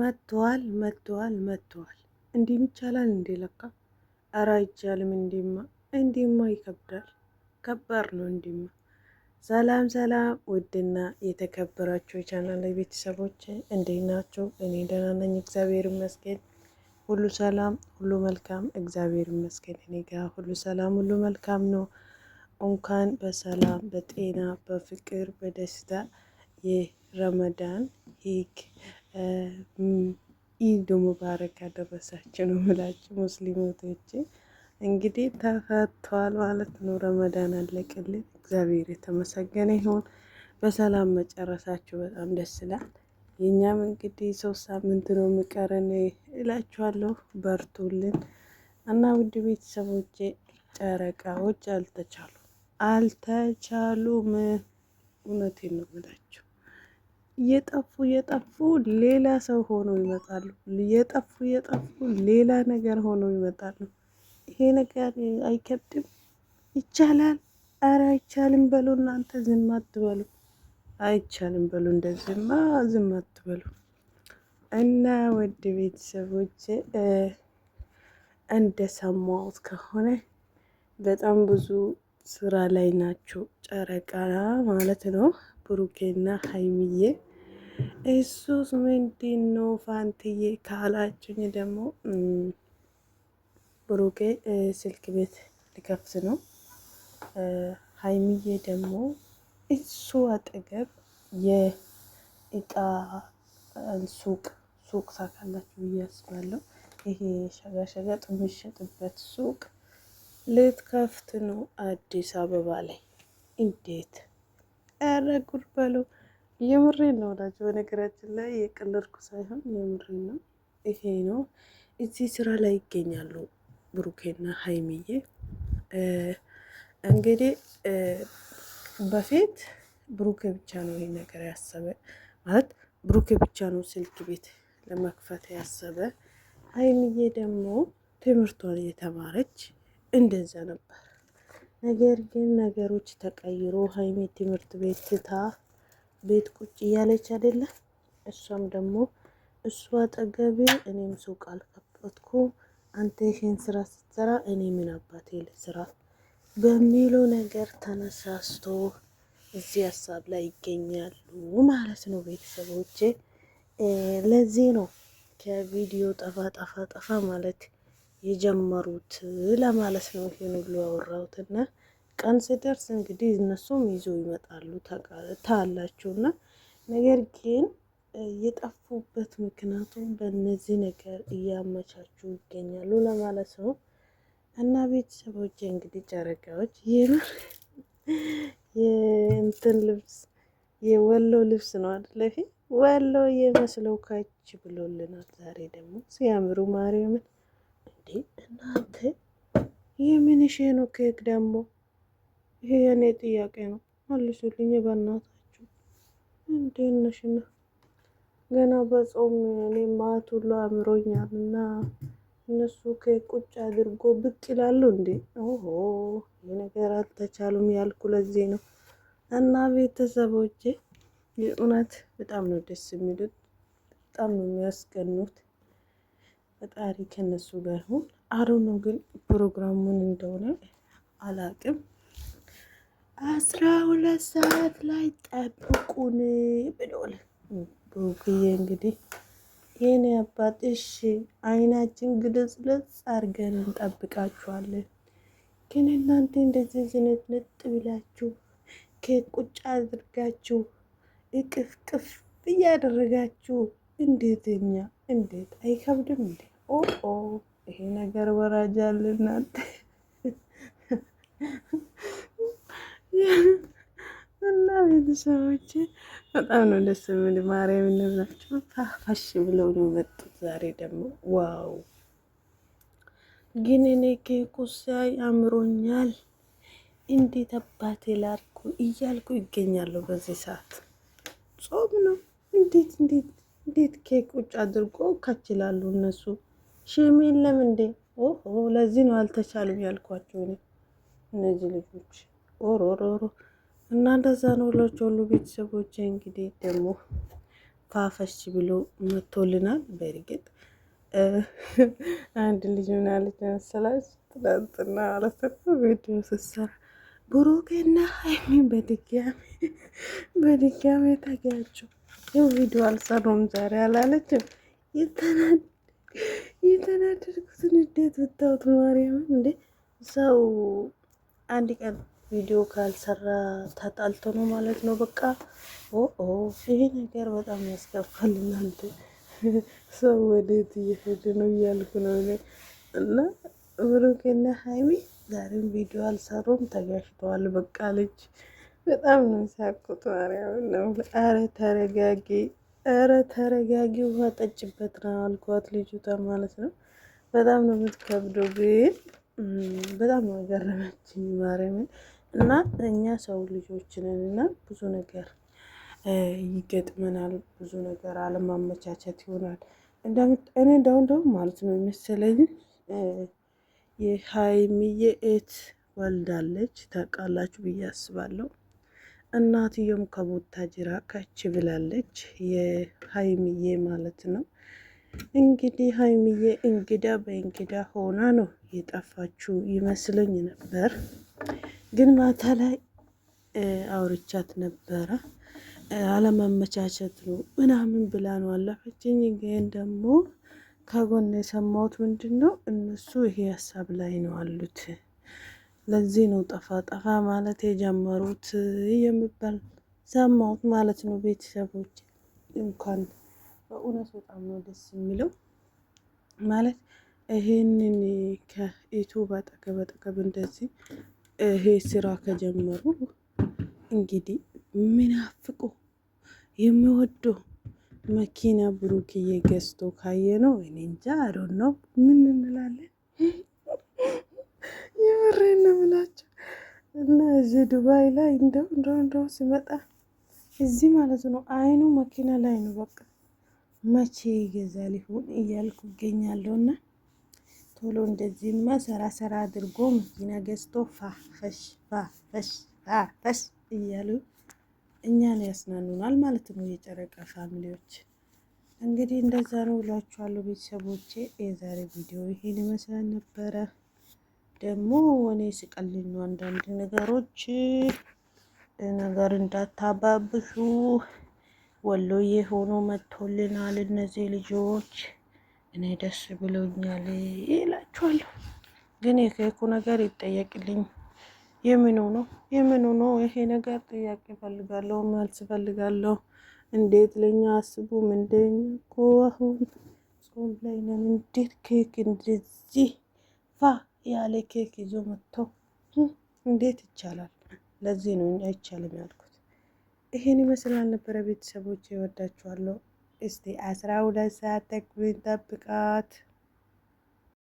መጥተዋል መጥተዋል መጥተዋል። እንዲህም ይቻላል እንዴ ለካ አራ አይቻልም። እንዲማ እንዲማ ይከብዳል፣ ከባድ ነው እንዲማ። ሰላም ሰላም፣ ውድና የተከበራችሁ የቻናል ቤተሰቦች እንዴት ናቸው? እኔ ደህና ነኝ፣ እግዚአብሔር ይመስገን። ሁሉ ሰላም፣ ሁሉ መልካም፣ እግዚአብሔር ይመስገን። እኔ ጋ ሁሉ ሰላም፣ ሁሉ መልካም ነው። እንኳን በሰላም በጤና በፍቅር በደስታ የረመዳን ሂግ ኢድ ሙባረክ ያደረሳችሁ ነው ምላችሁ ሙስሊሞቶች እንግዲህ ተፈቷል ማለት ነው። ረመዳን አለቀልን። እግዚአብሔር የተመሰገነ ይሁን። በሰላም መጨረሳችሁ በጣም ደስ ይላል። የእኛም እንግዲህ ሶስት ሳምንት ነው የሚቀረን እላችኋለሁ። በርቱልን እና ውድ ቤተሰቦቼ ጨረቃዎች አልተቻሉ አልተቻሉም። እውነቴን ነው የምላችሁ። የጠፉ የጠፉ ሌላ ሰው ሆነው ይመጣሉ። የጠፉ የጠፉ ሌላ ነገር ሆነው ይመጣሉ። ይሄ ነገር አይከብድም? ይቻላል? አረ አይቻልም በሉ እናንተ ዝም አትበሉ። አይቻልም በሉ እንደዚህማ ዝም አትበሉ። እና ወድ ቤተሰቦች እንደ እንደሰማሁት ከሆነ በጣም ብዙ ስራ ላይ ናቸው ጨረቃ ማለት ነው። ብሩኬና ሀይሚዬ እሱስ ምንድን ነው ፋንትዬ ካላችሁኝ ደግሞ ብሩኬ ስልክ ቤት ሊከፍት ነው። ሀይሚዬ ደግሞ እሱ አጠገብ የእቃ ሱቅ ሱቅ ታካላችሁ ብዬ አስባለሁ። ይሄ ሸጋሸጋጥ የሚሸጥበት ሱቅ ልትከፍት ነው አዲስ አበባ ላይ እንዴት ኧረ ጉድ በሉ። የምሬን ነው እላችሁ። በነገራችን ላይ የቀለድኩ ሳይሆን የምሬን ነው። ይሄ ነው እዚህ ስራ ላይ ይገኛሉ ብሩኬና ሀይሚዬ። እንግዲህ በፊት ብሩኬ ብቻ ነው ይሄ ነገር ያሰበ ማለት ብሩኬ ብቻ ነው ስልክ ቤት ለመክፈት ያሰበ። ሀይሚዬ ደግሞ ትምህርቷን የተማረች እንደዛ ነበር ነገር ግን ነገሮች ተቀይሮ ሀይሜ ትምህርት ቤት ትታ ቤት ቁጭ እያለች አይደለ? እሷም ደግሞ እሱ አጠገቢ እኔም ሱቅ አልከፈትኩ አንተ ይሄን ስራ ስትሰራ እኔ ምን አባቴ ልስራ በሚለው ነገር ተነሳስቶ እዚህ ሀሳብ ላይ ይገኛሉ ማለት ነው ቤተሰቦቼ። ለዚህ ነው ከቪዲዮ ጠፋ ጠፋ ጠፋ ማለት የጀመሩት ለማለት ነው። ይሄን ሁሉ ያወራሁትና ቀን ሲደርስ እንግዲህ እነሱም ይዞ ይመጣሉ እና ነገር ግን የጠፉበት ምክንያቱም በእነዚህ ነገር እያመቻቹ ይገኛሉ ለማለት ነው። እና ቤተሰቦች እንግዲህ ጨረቃዎች የምር የእንትን ልብስ የወሎ ልብስ ነው አይደለ? ወሎ የመስለው ካች ብሎልናል። ዛሬ ደግሞ ሲያምሩ ማርያምን እናንተ የምንሽ ነው ኬክ ደግሞ? ይሄ የኔ ጥያቄ ነው፣ መልሱልኝ በእናታችሁ። እንዴት ገና በጾም እኔ ማት ሁሉ አምሮኛል እና እነሱ ኬክ ቁጭ አድርጎ ብቅ ይላሉ እንዴ? ኦሆ ነገር አልተቻሉም ያልኩ ለዚህ ነው። እና ቤተሰቦቼ የእውነት በጣም ነው ደስ የሚሉት፣ በጣም ነው የሚያስቀኑት። ፈጣሪ ከነሱ ጋር ሁን። አሮኖ ግን ፕሮግራሙን እንደሆነ አላቅም። አስራ ሁለት ሰዓት ላይ ጠብቁን ብሎል ብዬ እንግዲህ ይህን አባት እሺ፣ አይናችን ግልጽልጽ አርገን እንጠብቃችኋለን። ግን እናንተ እንደዚህ ነጥ ብላችሁ ኬክ ቁጭ አድርጋችሁ እቅፍቅፍ እያደረጋችሁ እንዴት እኛ እንዴት አይከብድም እንዴ? ኦ ኦ ይሄ ነገር ወራጅ አለ እናንተ እና ቤተሰቦች በጣም ነው ደስ የሚል ማርያም እንብላቸው ፋፋሽ ብለው ነው መጡት። ዛሬ ደግሞ ዋው! ግን እኔ ኬኩ ሳይ አምሮኛል፣ እንዴት አባቴ ላርኩ እያልኩ ይገኛለሁ። በዚህ ሰዓት ጾም ነው። እንዴት እንዴት እንዴት ኬክ ውጭ አድርጎ ካችላሉ እነሱ ሽም የለም እንዴ? ኦሆ ለዚህ ነው አልተቻሉም ያልኳቸው እኔ እነዚህ ልጆች ኦሮሮሮ እና እንደዛ ነው ሎች ሁሉ ቤተሰቦች እንግዲህ ደግሞ ፋፈሽ ብሎ መቶልናል። በእርግጥ አንድ ልጅ ምን ምናለች መሰላች ትናንትና ማለት ነው ቪዲዮ ስሰራ ብሩክና ሀይሚን በድጋሚ በድጋሚ ተጋጩ። ይኸው ቪዲዮ አልሰሩም ዛሬ አላለችም ይተናል የተናደድኩትን እንዴት ብታውት ማርያምን እንዴ ሰው አንድ ቀን ቪዲዮ ካልሰራ ተጣልቶ ነው ማለት ነው። በቃ ኦ ይሄ ነገር በጣም ያስከፋል። እናንተ ሰው ወዴት እየሄደ ነው እያልኩ ነው እኔ እና ብሩክና ሀይሚ ዛሬም ቪዲዮ አልሰሩም፣ ተጋሽተዋል። በቃ ልጅ በጣም ነው ሳቁት። ማርያምን ነው። አረ ተረጋጌ ኧረ ተረጋጊ፣ ውሃ ጠጭበት ነው አልኳት ልጅቷ ማለት ነው። በጣም ነው የምትከብደው፣ ግን በጣም ነው የገረመችኝ ማርያምን። እና እኛ ሰው ልጆች ነን እና ብዙ ነገር ይገጥመናል፣ ብዙ ነገር አለማመቻቸት ይሆናል። እኔ እንደው እንደው ማለት ነው የመሰለኝ የሀይሚዬ ኤት ወልዳለች ታውቃላችሁ ብዬ አስባለሁ። እናትየውም ከቦታ ጅራ ከች ብላለች፣ የሀይምዬ ማለት ነው። እንግዲህ ሀይምዬ እንግዳ በእንግዳ ሆና ነው የጠፋችው ይመስለኝ ነበር፣ ግን ማታ ላይ አውርቻት ነበረ። አለመመቻቸት ነው ምናምን ብላ ነው አለፈችኝ። ግን ደግሞ ከጎን የሰማሁት ምንድን ነው እነሱ ይሄ ሀሳብ ላይ ነው አሉት ለዚህ ነው ጠፋ ጠፋ ማለት የጀመሩት የሚባል ሰማሁት ማለት ነው። ቤተሰቦች እንኳን በእውነት በጣም ነው ደስ የሚለው ማለት ይህንን ከኢቱ በጠገብ አጠገብ እንደዚህ ይሄ ስራ ከጀመሩ እንግዲህ ምናፍቁ የሚወዱ መኪና ብሩክዬ ገዝቶ ካየ ነው። እኔ እንጃ አዶን ነው ምን እንላለን። የምሬን ነው ምላቸው እና እዚህ ዱባይ ላይ እንደው እንደው እንደው ሲመጣ እዚህ ማለት ነው አይኑ መኪና ላይ ነው። በቃ መቼ ይገዛል ይሆን እያልኩ ይገኛለሁ። እና ቶሎ እንደዚህማ ሰራ ሰራ አድርጎ መኪና ገዝቶ ፋፈሽ ፋፈሽ ፋፈሽ እያሉ እኛን ያስናኑናል ማለት ነው የጨረቃ ፋሚሊዎች። እንግዲህ እንደዛ ነው ብሏችኋለሁ ቤተሰቦቼ። የዛሬ ቪዲዮ ይሄን ይመስላል ነበረ። ደግሞ እኔ ስቀልኝ አንዳንድ ነገሮች ነገር እንዳታባብሱ። ወሎዬ ሆኖ መጥቶልናል እነዚህ ልጆች፣ እኔ ደስ ብሎኛል ይላችኋለሁ። ግን የኬኩ ነገር ይጠየቅልኝ። የምኑ ነው የምኑ ነው ይሄ ነገር? ጥያቄ ፈልጋለሁ፣ መልስ ፈልጋለሁ። እንዴት ለኛ አስቡም? እንደኛ እኮ አሁን ጾም ላይ ነን። እንዴት ኬክ እንደዚህ ፋ ያለ ኬክ ይዞ መጥቶ እንዴት ይቻላል? ለዚህ ነው እኛ አይቻልም ያልኩት። ይሄን ይመስላል ነበረ። ቤተሰቦች ይወዳችኋለሁ። እስቲ አስራ ሁለት ሰዓት ተኩል ጠብቃት።